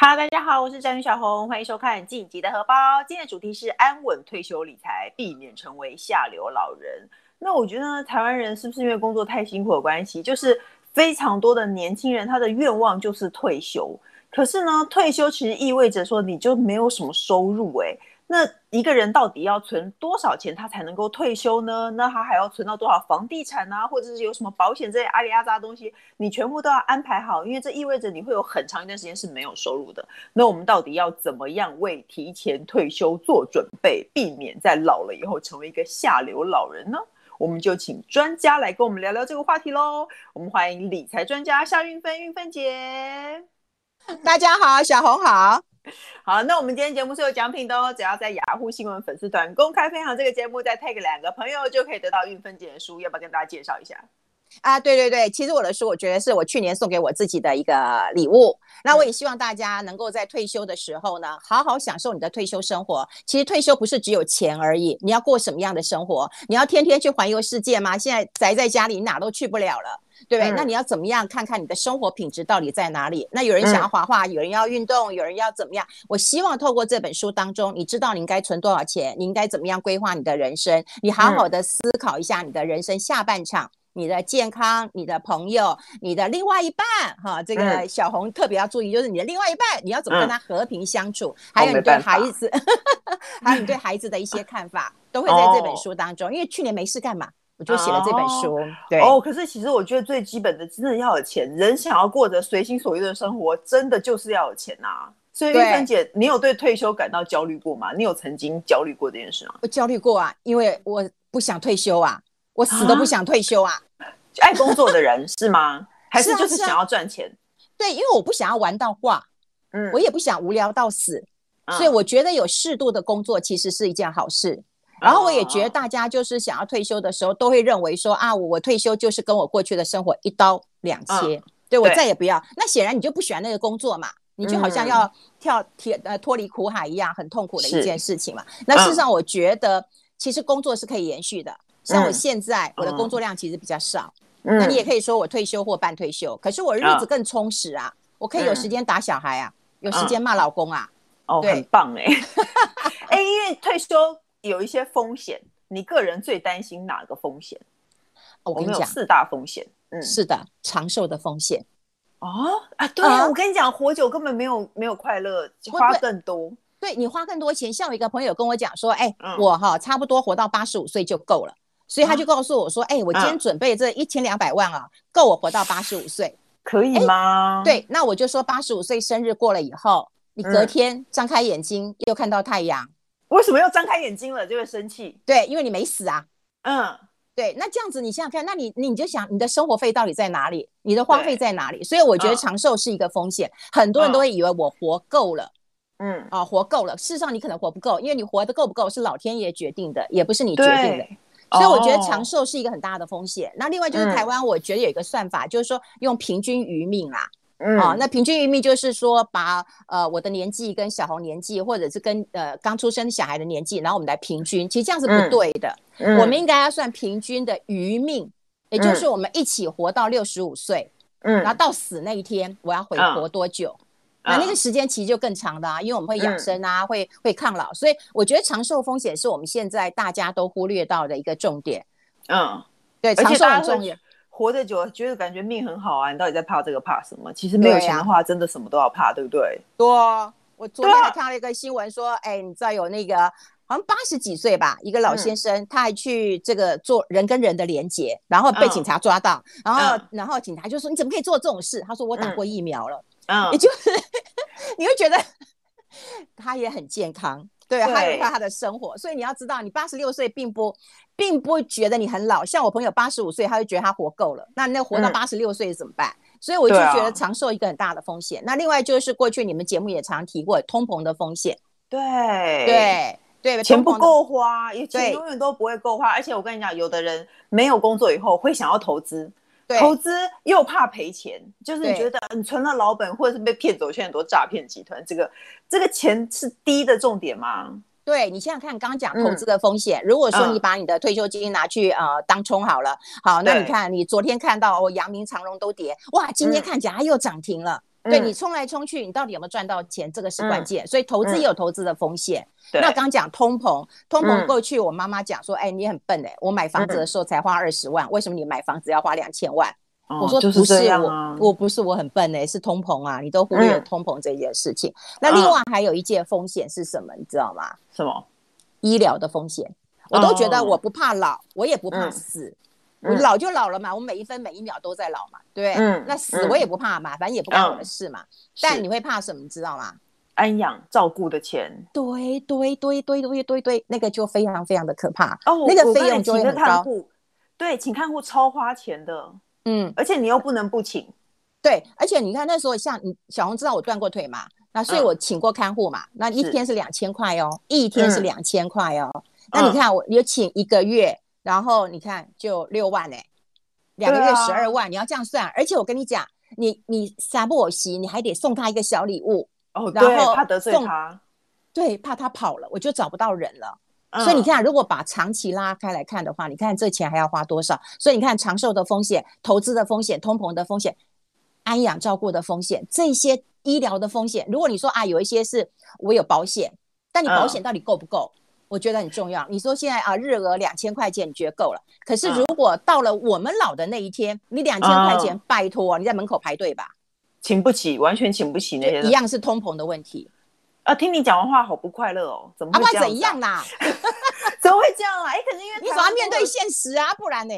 哈嘍，Hello, 大家好，我是張宇小紅，歡迎收看今集的荷包。今天的主題是安穩退休理財，避免成為下流老人。那我覺得呢，台灣人是不是因為工作太辛苦的關係，就是非常多的年輕人他的願望就是退休。可是呢，退休其實意味着說你就沒有什麼收入誒、欸那一個人到底要存多少錢，他才能夠退休呢？那他還要存到多少房地產啊，或者是有什麼保險這些阿里阿扎東西，你全部都要安排好，因為這意味着你會有很長一段時間是沒有收入的。那我們到底要怎麼樣為提前退休做準備，避免在老了以後成為一個下流老人呢？我們就請專家來跟我們聊聊這個話題嘍。我們歡迎理財專家夏韻芬、韻芬姐。大家好，小紅好。好，那我們今天節目是有獎品的哦，只要在雅虎新聞粉絲團公開分享這個節目，再配個兩個朋友，就可以得到韻芬姐的書。要不要跟大家介紹一下？啊，對對對，其實我的書，我覺得是我去年送給我自己的一個禮物。那我也希望大家能夠在退休的時候呢，好好享受你的退休生活。其實退休不是只有錢而已，你要過什麼樣的生活？你要天天去環遊世界嗎？現在宅在家裡，你哪都去不了了。對不對？嗯、那你要怎麼樣看看你的生活品質到底在哪裡？那有人想要畫畫，嗯、有人要運動，有人要怎麼樣？我希望透過這本書當中，你知道你應該存多少錢，你應該怎麼樣規劃你的人生，你好好的思考一下你的人生下半場，嗯、你的健康、你的朋友、你的另外一半。哈，這個小紅特別要注意，嗯、就是你的另外一半，你要怎麼跟他和平相處？嗯哦、還有你對孩子， 還有你對孩子的一些看法， 都會在這本書當中。哦、因為去年沒事幹嘛？我就寫了這本書，哦對哦。可是其實我覺得最基本的，真的要有錢。人想要過着隨心所欲的生活，真的就是要有錢吶、啊。所以韻芬姐，對你有對退休感到焦慮過嗎？你有曾經焦慮過這件事嗎？我焦慮過啊，因為我不想退休啊，我死都不想退休啊。蛤愛工作的人 是嗎？還是就是想要賺錢、啊啊？對，因為我不想要玩到掛，嗯，我也不想無聊到死，嗯、所以我覺得有適度的工作其實是一件好事。然後我也覺得大家就是想要退休的時候，都會認為說啊，我我退休就是跟我過去的生活一刀兩切，對我再也不要。那顯然你就不喜歡那個工作嘛，你就好像要跳鐵呃脫離苦海一樣，很痛苦的一件事情嘛。那事實上，我覺得其實工作是可以延續的。像我現在我的工作量其實比較少，那你也可以說我退休或半退休，可是我日子更充實啊，我可以有時間打小孩啊，有時間罵老公啊。哦，對，很棒哎，哎，因為退休。有一些風險，你個人最擔心哪個風險？我跟你講，四大風險，嗯，是的，長壽的風險。哦啊，對啊，啊我跟你講，活久根本沒有沒有快樂，花更多。對，對，你花更多錢，像我一個朋友跟我講說，哎，嗯、我哈差不多活到八十五歲就夠了，所以他就告訴我說，哎、嗯，我今天準備這一千兩百萬啊，嗯、夠我活到八十五歲，可以嗎？對，那我就說，八十五歲生日過了以後，你隔天張開眼睛、嗯、又看到太陽。為什麼要張開眼睛了就會生氣？對，因為你沒死啊。嗯，對。那這樣子，你想想看，那你，你就想你的生活費到底在哪裡？你的花費在哪裡？對所以我覺得長壽是一個風險。嗯、很多人都會以為我活夠了。嗯。啊，活夠了。事實上，你可能活不夠，因為你活得夠不夠是老天爺決定的，也不是你決定的。對所以我覺得長壽是一個很大的風險。哦、那另外就是台灣，我覺得有一個算法，嗯、就是說用平均餘命啦、啊。嗯、啊，那平均餘命就是說把、把呃我的年紀跟小紅年紀，或者是跟呃剛出生小孩的年紀，然後我們來平均，其實這樣是不對的。嗯嗯、我們應該要算平均的餘命，也就是我們一起活到六十五歲，嗯，然後到死那一天，我要回活多久？嗯嗯、那那個時間其實就更長的，啊，因為我們會養生啊，嗯、會會抗老，所以我覺得長壽風險是我們現在大家都忽略到的一個重點。嗯，對，長壽很重要。活得久了，覺得感覺命很好啊！你到底在怕這個怕什麼？其實沒有錢的話，啊、真的什麼都要怕，對不對？多，我昨天還看了一個新聞，說，哎、啊欸，你知道有那個好像八十幾歲吧，一個老先生，嗯、他還去這個做人跟人的連接，然後被警察抓到，嗯、然後、嗯、然後警察就說，你怎麼可以做這種事？他說我打過疫苗了，啊、嗯，嗯、也就是你會覺得他也很健康。對，還有他，他的生活，對所以你要知道，你八十六歲並不，並不覺得你很老。像我朋友八十五歲，他就覺得他活夠了。那那活到八十六歲怎麼辦？嗯、所以我就覺得長壽一個很大的風險。啊、那另外就是過去你們節目也常提過通膨的風險。對對對，錢不夠花，也永遠都不會夠花。對而且我跟你講，有的人沒有工作以後會想要投資。對投資又怕賠錢，就是你覺得你存了老本，或者是被騙走，現在很多詐騙集團，這個這個錢是低的重點嗎？對你現在看，剛剛講投資的風險，嗯、如果說你把你的退休金拿去啊、嗯呃、當沖好了，好，那你看對你昨天看到我、哦、陽明長榮都跌，哇，今天看起來又漲停了。嗯對你衝來衝去，你到底有沒有賺到錢？這個是關鍵。所以投資也有投資的風險。那剛講通膨，通膨過去，我媽媽講說：“哎，你很笨誒，我買房子的時候才花二十萬，為什麼你買房子要花兩千萬？”我說：“不是我，我不是我很笨誒，是通膨啊！你都忽略了通膨這件事情。”那另外還有一件風險是什麼？你知道嗎？什麼？醫療的風險。我都覺得我不怕老，我也不怕死。我老就老了嘛，我每一分每一秒都在老嘛，對，那死我也不怕嘛，反正也不關我的事嘛。但你會怕什麼，你知道嗎？安養照顧的錢，對對對對對對對，那個就非常非常的可怕哦，那個費用就會很高。對，請看護超花錢的，嗯，而且你又不能不請，對，而且你看那時候像你小紅知道我斷過腿嘛，那所以我請過看護嘛，那一天是兩千塊哦，一天是兩千塊哦，那你看我有請一個月。然後你看，就六萬哎、欸，兩個月十二萬，啊、你要這樣算、啊。而且我跟你講，你你三不五時，你還得送他一個小禮物哦。對、啊，怕得罪他，對，怕他跑了，我就找不到人了。嗯、所以你看，如果把長期拉開來看的話，你看這錢還要花多少？所以你看，長壽的風險、投資的風險、通膨的風險、安養照顧的風險、這些醫療的風險，如果你說啊，有一些是我有保險，但你保險到底夠不夠？嗯我覺得很重要。你說現在啊，日額兩千塊錢，你覺得夠了？可是如果到了我們老的那一天，啊、你兩千塊錢，拜托、啊，嗯、你在門口排隊吧，請不起，完全請不起那些，一樣是通膨的問題。啊，聽你講完話，好不快樂哦，怎麼會這樣？啊、怎樣啦、啊？ 怎麼會這樣啊？哎，可是因為你總要面對現實啊，不然呢？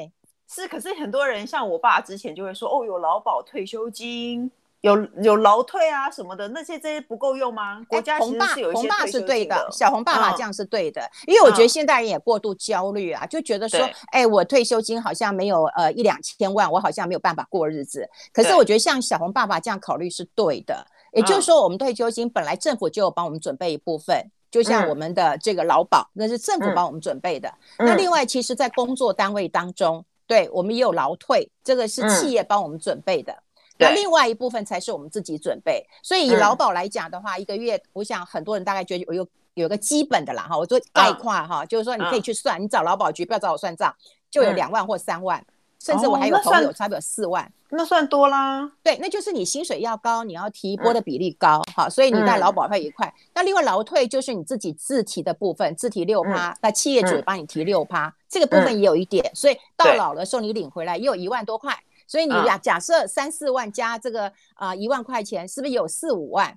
是，可是很多人像我爸之前就會說，哦，有勞保退休金。有有勞退啊什麼的那些這些不夠用嗎？國家其實是有一些的。哎、紅爸，紅爸是對的，嗯、小紅爸爸這樣是對的，因為我覺得現代人也過度焦慮啊，嗯、就覺得說，嗯、哎，我退休金好像沒有呃一兩千萬，我好像沒有辦法過日子。可是我覺得像小紅爸爸這樣考慮是對的，對，也就是說，我們退休金本來政府就有幫我們準備一部分，嗯、就像我們的這個勞保，嗯、那是政府幫我們準備的。嗯嗯、那另外，其實，在工作單位當中，對，我們也有勞退，這個是企業幫我們準備的。嗯那另外一部分才是我們自己準備，所以以勞保來講的話，一個月，我想很多人大概覺得我有有一個基本的啦哈，我做概括哈，就是說你可以去算，你找勞保局，不要找我算賬，就有兩萬或三萬，甚至我還有朋友差不多四萬，那算多啦，對，那就是你薪水要高，你要提撥的比例高哈，所以你帶勞保費一塊，那另外勞退就是你自己自提的部分，自提六趴，那企業主幫你提六趴，這個部分也有一點，所以到老的時候你領回來也有一萬多塊。所以你呀，假設三四萬加這個啊、呃、一萬塊錢，是不是有四五萬、啊？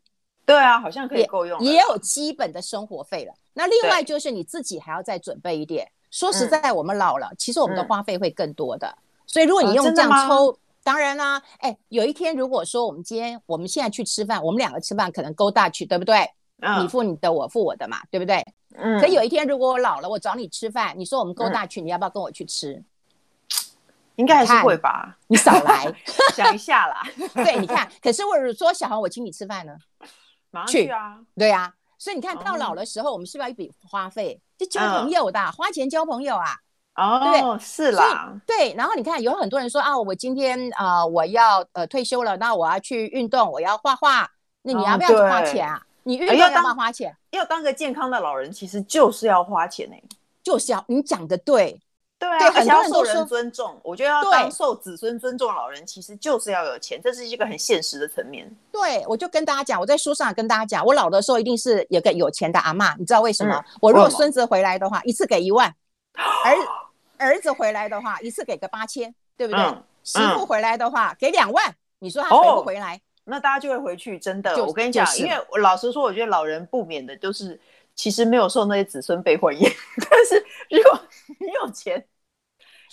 對啊，好像可以夠用，也有基本的生活費了。那另外就是你自己還要再準備一點。對說實在，我們老了，嗯、其實我們的花費會更多的。嗯、所以如果你用這樣抽，嗯、當然啦、啊，哎，有一天如果說我們今天我們現在去吃飯，我們兩個吃飯可能勾搭去，對不對？嗯、你付你的，我付我的嘛，對不對？嗯、可有一天如果我老了，我找你吃飯，你說我們勾搭去，嗯、你要不要跟我去吃？應該還是會吧， 你少來 想一下啦。 對，你看，可是我說小孩我請你吃飯呢，馬上去啊。去。對啊。所以你看到老的時候，我們是不是要一筆花費？就交朋友的、啊，嗯、花錢交朋友啊。哦，對對是啦，對。然後你看，有很多人說啊，我今天啊、呃，我要呃退休了，那我要去運動，我要畫畫，那你要不要去花錢啊？嗯、你運動要不要花錢、呃、要、當要當個健康的老人，其實就是要花錢哎、欸，就是要。你講的對。對，很多受人尊重，我覺得要受子孫尊重，老人其實就是要有錢，這是一個很現實的層面。對，我就跟大家講，我在書上跟大家講，我老的時候一定是有個有錢的阿嬤，你知道為什麼？我如果孫子回來的話，一次給一萬；兒子兒子回來的話，一次給個八千，對不對？媳婦回來的話，給兩萬。你說他回不回來？那大家就會回去。真的，我跟你講，因為我老實說，我覺得老人不免的就是其實沒有受那些子孫被歡迎。但是如果你有錢。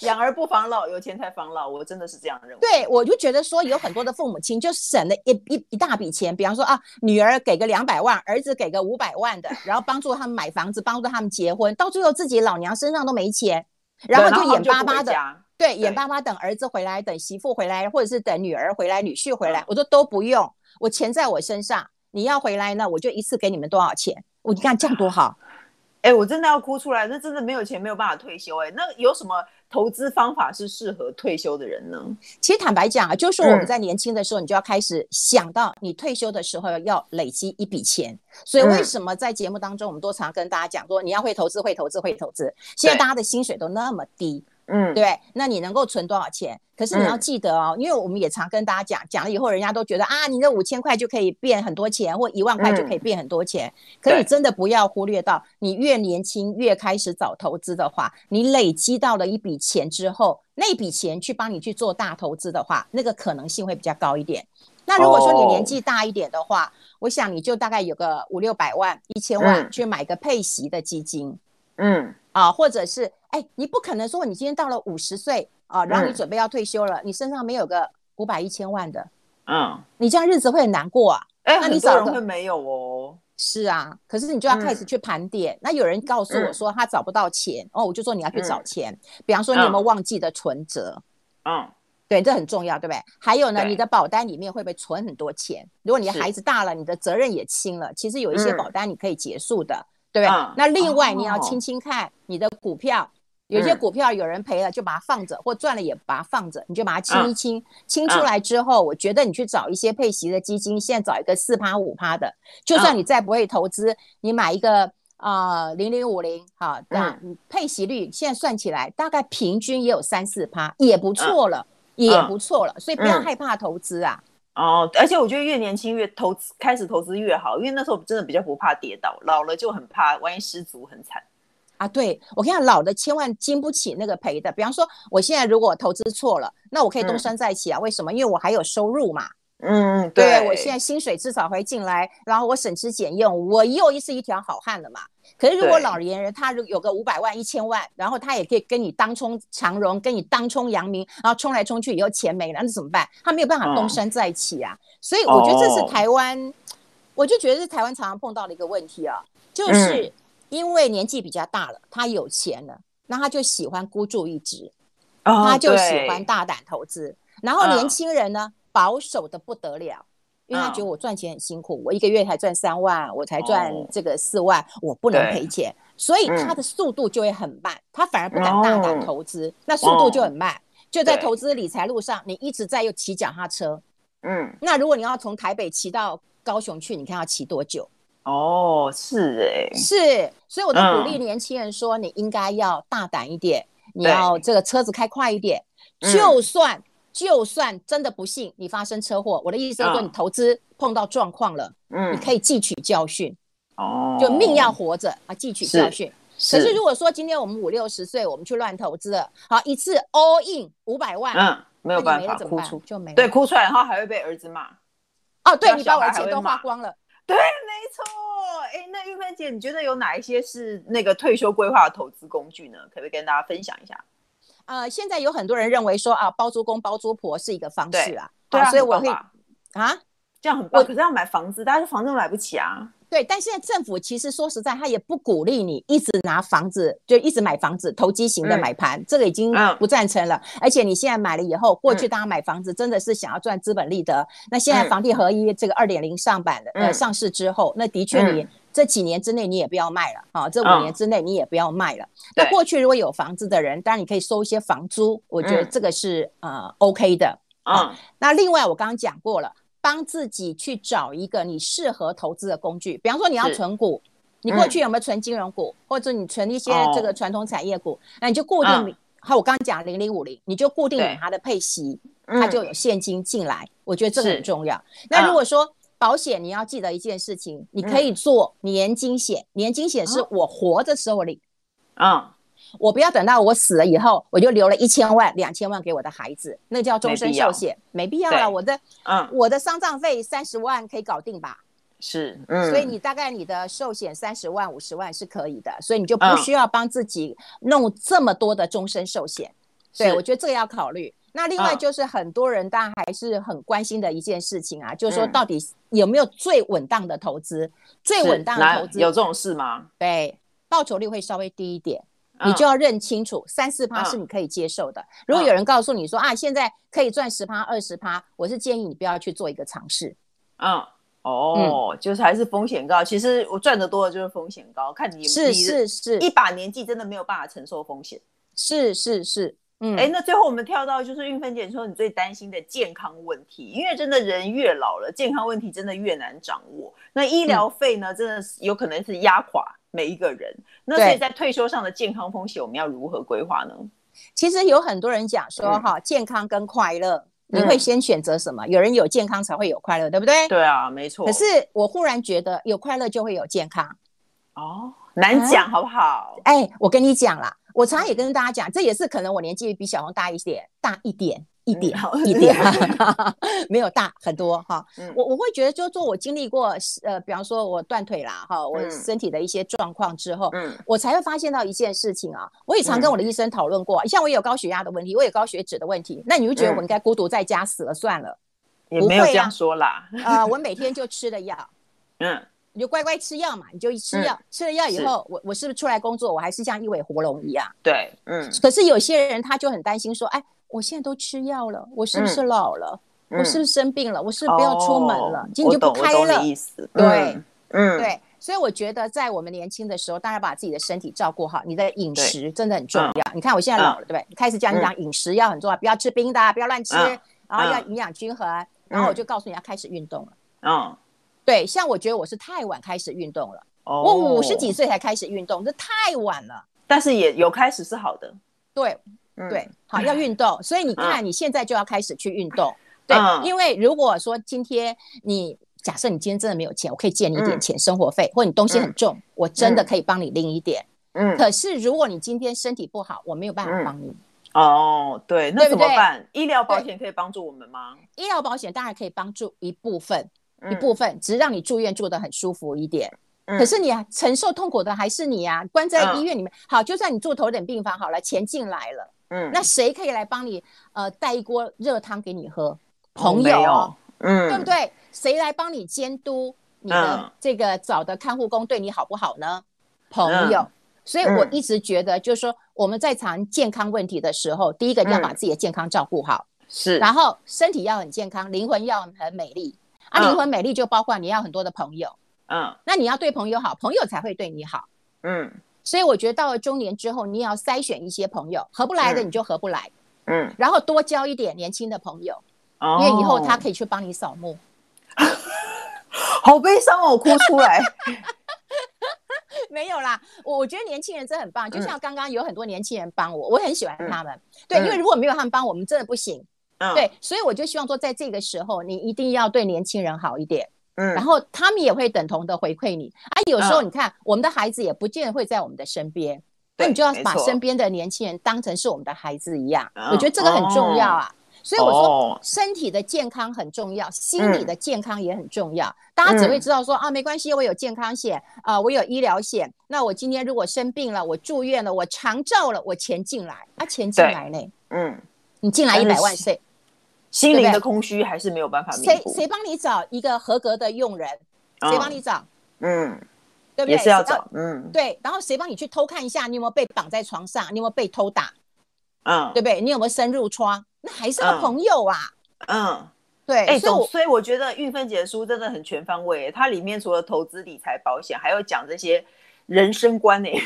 養兒不防老，有錢才防老。我真的是這樣認為。對，我就覺得說有很多的父母親就省了一 一一大筆錢，比方說啊，女兒給個兩百萬，兒子給個五百萬的，然後幫助他們買房子， 幫助他們結婚，到最後自己老娘身上都沒錢，然後就眼巴巴的，對，眼對對巴巴等兒子回來，等媳婦回來，或者是等女兒回來、女婿回來。嗯，我說都不用，我錢在我身上，你要回來呢，我就一次給你們多少錢。我你看這樣多好，哎，我真的要哭出來，那真的沒有錢，沒有辦法退休，欸，哎，那有什麼？投資方法是適合退休的人呢？其實坦白講啊，就是說我們在年輕的時候，你就要開始想到你退休的時候要累積一筆錢。所以為什麼在節目當中，我們都常跟大家講說，你要會投資，會投資，會投資。現在大家的薪水都那麼低。嗯嗯，對，那你能夠存多少錢？可是你要記得哦，嗯、因為我們也常跟大家講，講了以後人家都覺得啊，你那五千塊就可以變很多錢，或一萬塊就可以變很多錢。嗯、可以真的不要忽略到，對你越年輕越開始早投資的話，你累積到了一筆錢之後，那筆錢去幫你去做大投資的話，那個可能性會比較高一點。那如果說你年紀大一點的話，哦、我想你就大概有個五六百萬、一千萬去買個配息的基金，嗯，啊，或者是。哎，你不可能說你今天到了五十歲啊，然後你準備要退休了，你身上沒有個五百一千萬的，嗯，你這樣日子會很難過啊。哎，那你找人會沒有哦？是啊，可是你就要開始去盤點。那有人告訴我說他找不到錢哦，我就說你要去找錢。比方說你有沒有忘記的存摺？嗯，對，這很重要，對不對？還有呢，你的保單裡面會不會存很多錢？如果你的孩子大了，你的責任也輕了，其實有一些保單你可以結束的，對不對？那另外你要輕輕看你的股票。有些股票有人賠了就把它放着，或賺了也把它放着，你就把它清一清。清出來之後，我覺得你去找一些配息的基金，現在找一個四趴五趴的。就算你再不會投資，你買一個啊零零五零，好，嗯，配息率現在算起來大概平均也有三四趴，也不錯了，也不錯了。所以不要害怕投資啊、嗯嗯嗯。哦，而且我覺得越年輕越投資，開始投資越好，因為那時候真的比較不怕跌倒，老了就很怕，萬一失足很慘。啊，對，我看老的千萬經不起那個賠的。比方說，我現在如果投資錯了，那我可以東山再起啊？嗯、為什麼？因為我還有收入嘛。嗯，對，對，我現在薪水至少會進來，然後我省吃儉用，我又是一條好漢了嘛。可是如果老年人他有個五百萬、一千萬，對然後他也可以跟你當沖長榮，跟你當沖陽明，然後沖來沖去以後錢沒了，那怎麼辦？他沒有辦法東山再起啊。嗯、所以我覺得這是台灣，哦、我就覺得是台灣常常碰到的一個問題啊，就是。嗯因為年紀比較大了，他有錢了，那他就喜歡孤注一擲，他就喜歡大膽投資。然後年輕人呢，保守的不得了，因為他覺得我賺錢很辛苦，我一個月才賺三萬，我才賺這個四萬，我不能賠錢，所以他的速度就會很慢，他反而不敢大膽投資，那速度就很慢。就在投資理財路上，你一直在又騎腳踏車，嗯，那如果你要從台北騎到高雄去，你看要騎多久？哦，是哎，是，所以我就鼓勵年輕人說，你應該要大膽一點，你要這個車子開快一點。就算就算真的不幸你發生車禍，我的意思是說你投資碰到狀況了，嗯，你可以汲取教訓。哦，就命要活着啊，汲取教訓。可是如果說今天我們五六十歲，我們去亂投資了，好一次 all in 五百萬，嗯，沒有辦法，哭出就沒了。對，哭出來然後還會被兒子罵。哦，對你把我的錢都花光了。對，沒錯。誒，那韻芬姐，你覺得有哪一些是那個退休規劃的投資工具呢？可不可以跟大家分享一下？呃，現在有很多人認為說啊，包租公包租婆是一個方式啊，對，對啊，哦、所以我會啊，這樣很棒。我可是要買房子，大家是房子都買不起啊。對，但現在政府其實說實在，他也不鼓勵你一直拿房子，就一直買房子，投機型的買盤，嗯、這個已經不贊成了。嗯、而且你現在買了以後，過去大家買房子真的是想要賺資本利得。嗯、那現在房地合一這個二點零上板呃上市之後，嗯、那的確你、嗯、這幾年之內你也不要賣了啊，這五年之內你也不要賣了。嗯、那過去如果有房子的人，當然你可以收一些房租，我覺得這個是、嗯、呃 OK 的、嗯、啊。那另外我剛剛講過了。幫自己去找一個你適合投資的工具，比方說你要存股，你過去有沒有存金融股，或者你存一些這個傳統產業股，那你就固定，好，我剛剛講零零五零，你就固定它的配息，它就有現金進來，我覺得這個很重要。那如果說保險，你要記得一件事情，你可以做年金險，年金險是我活着時候領，啊。我不要等到我死了以後，我就留了一千萬、兩千萬給我的孩子，那叫終身壽險，沒必要了。沒必要啦。對我的，嗯、我的喪葬費三十萬可以搞定吧？是，嗯，所以你大概你的壽險三十萬、五十萬是可以的，所以你就不需要幫自己弄這麼多的終身壽險。嗯、對，是我覺得這個要考慮。那另外就是很多人當然還是很關心的一件事情啊，嗯、就是說到底有沒有最穩當的投資？是最穩當的投資有這種事嗎？對，報酬率會稍微低一點。你就要認清楚，三四趴是你可以接受的。嗯、如果有人告訴你說、嗯、啊，現在可以賺十趴、二十趴，我是建議你不要去做一個嘗試。嗯，哦，就是還是風險高。其實我賺的多了就是風險高，看你是是是一把年紀，真的沒有辦法承受風險。是是是，嗯，哎、欸，那最後我們跳到就是韻芬姐說你最擔心的健康問題，因為真的人越老了，健康問題真的越難掌握。那醫療費呢，真的是有可能是壓垮。嗯每一個人，那所以在退休上的健康風險，我們要如何規劃呢？其實有很多人講說，哈、嗯，健康跟快樂，你會先選擇什麼？嗯、有人有健康才會有快樂，對不對？對啊，沒錯。可是我忽然覺得，有快樂就會有健康，哦，難講好不好？哎、啊欸，我跟你講啦，我常常也跟大家講，這也是可能我年紀比小紅大一點，大一點。一點一點，沒有大很多哈。我我會覺得，就做我經歷過呃，比方說我斷腿啦哈，我身體的一些狀況之後，嗯，我才會發現到一件事情啊。我也常跟我的醫生討論過，像我有高血壓的問題，我有高血脂的問題，那你會覺得我應該孤獨在家死了算了？也沒有這樣說啦。啊，我每天就吃了藥，嗯，你就乖乖吃藥嘛，你就吃藥，吃了藥以後，我我是不是出來工作，我還是像一尾活龍一樣？對，嗯。可是有些人他就很擔心說，哎。我現在都吃藥了，我是不是老了？我是不是生病了？我是不是不要出門了，今天就不開了。對，嗯，對。所以我覺得在我們年輕的時候，大家把自己的身體照顧好，你的飲食真的很重要。你看我現在老了，對不對？開始講你講飲食要很重要，不要吃冰的，不要亂吃，然後要營養均衡。然後我就告訴你要開始運動了。嗯，對，像我覺得我是太晚開始運動了，我五十幾歲才開始運動，這太晚了。但是也有開始是好的。對。對，好，要運動，所以你看，你現在就要開始去運動。對，因為如果說今天你假設你今天真的沒有錢，我可以借你一點錢生活費，或你東西很重，我真的可以幫你拎一點。嗯，可是如果你今天身體不好，我沒有辦法幫你。哦，對，那怎麼辦？醫療保險可以幫助我們嗎？醫療保險當然可以幫助一部分，一部分只是讓你住院住得很舒服一點。可是你承受痛苦的還是你呀，關在醫院裡面。好，就算你住頭等病房好了，錢進來了。嗯、那誰可以來幫你？呃，帶一鍋熱湯給你喝，朋友、喔，嗯，對不對？誰來幫你監督你的這個找的看護工對你好不好呢？嗯、朋友，所以我一直覺得，就是說我們在談健康問題的時候，嗯、第一個要把自己的健康照顧好、嗯，是，然後身體要很健康，靈魂要很美麗啊，靈魂美麗就包括你要很多的朋友，嗯，那你要對朋友好，朋友才會對你好，嗯。所以我覺得到了中年之後，你也要篩選一些朋友，合不來的你就合不來，嗯，嗯，然後多交一點年輕的朋友，哦、因為以後他可以去幫你掃墓， 好悲傷哦、啊，我哭出來。 沒有啦，我我覺得年輕人真的很棒，嗯、就像剛剛有很多年輕人幫我，我很喜歡他們，嗯、對，嗯、因為如果沒有他們幫我們，真的不行，嗯、對，所以我就希望說，在這個時候你一定要對年輕人好一點。嗯、然後他們也會等同的回饋你啊！有時候你看，嗯、我們的孩子也不見得會在我們的身邊，那對你就要把身邊的年輕人當成是我們的孩子一樣。嗯、我覺得這個很重要啊。哦、所以我說，哦、身體的健康很重要，心理的健康也很重要。嗯、大家只會知道說、嗯、啊，沒關係，我有健康險啊、呃，我有醫療險。那我今天如果生病了，我住院了，我長照了，我錢進來啊，錢進來呢？嗯，你進來一百萬歲。心靈的空虛還是沒有辦法彌補。誰誰幫你找一個合格的傭人？誰幫、嗯、你找？嗯，對不對？也是要找。把嗯，對。然後誰幫你去偷看一下你有沒有被綁在床上？你有沒有被偷打？嗯，對不對？你有沒有深入窗？那還是要朋友啊。嗯，嗯對。欸、所以所以我覺得韻芬姐的書真的很全方位、欸。它裡面除了投資、理財、保險，還有講這些人生觀念、欸。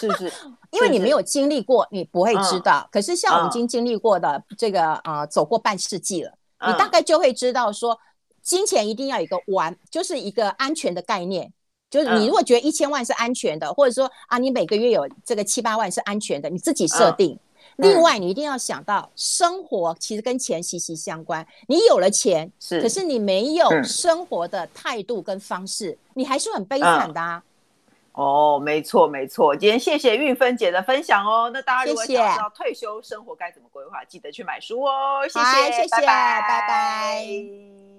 是是， 因為你沒有經歷過，你不會知道。可是像我們已經經歷過的這個啊、呃，走過半世紀了，你大概就會知道，說金錢一定要有一個完，就是一個安全的概念。就是你如果覺得一千萬是安全的，或者說啊，你每個月有這個七八萬是安全的，你自己設定。另外，你一定要想到，生活其實跟錢息息相關。你有了錢，可是你沒有生活的態度跟方式，你還是很悲慘的啊。哦，沒錯沒錯，今天謝謝韻芬姐的分享哦。那大家如果想知道退休生活該怎麼規劃，謝謝記得去買書哦。謝謝，謝謝，拜拜，拜拜。拜拜。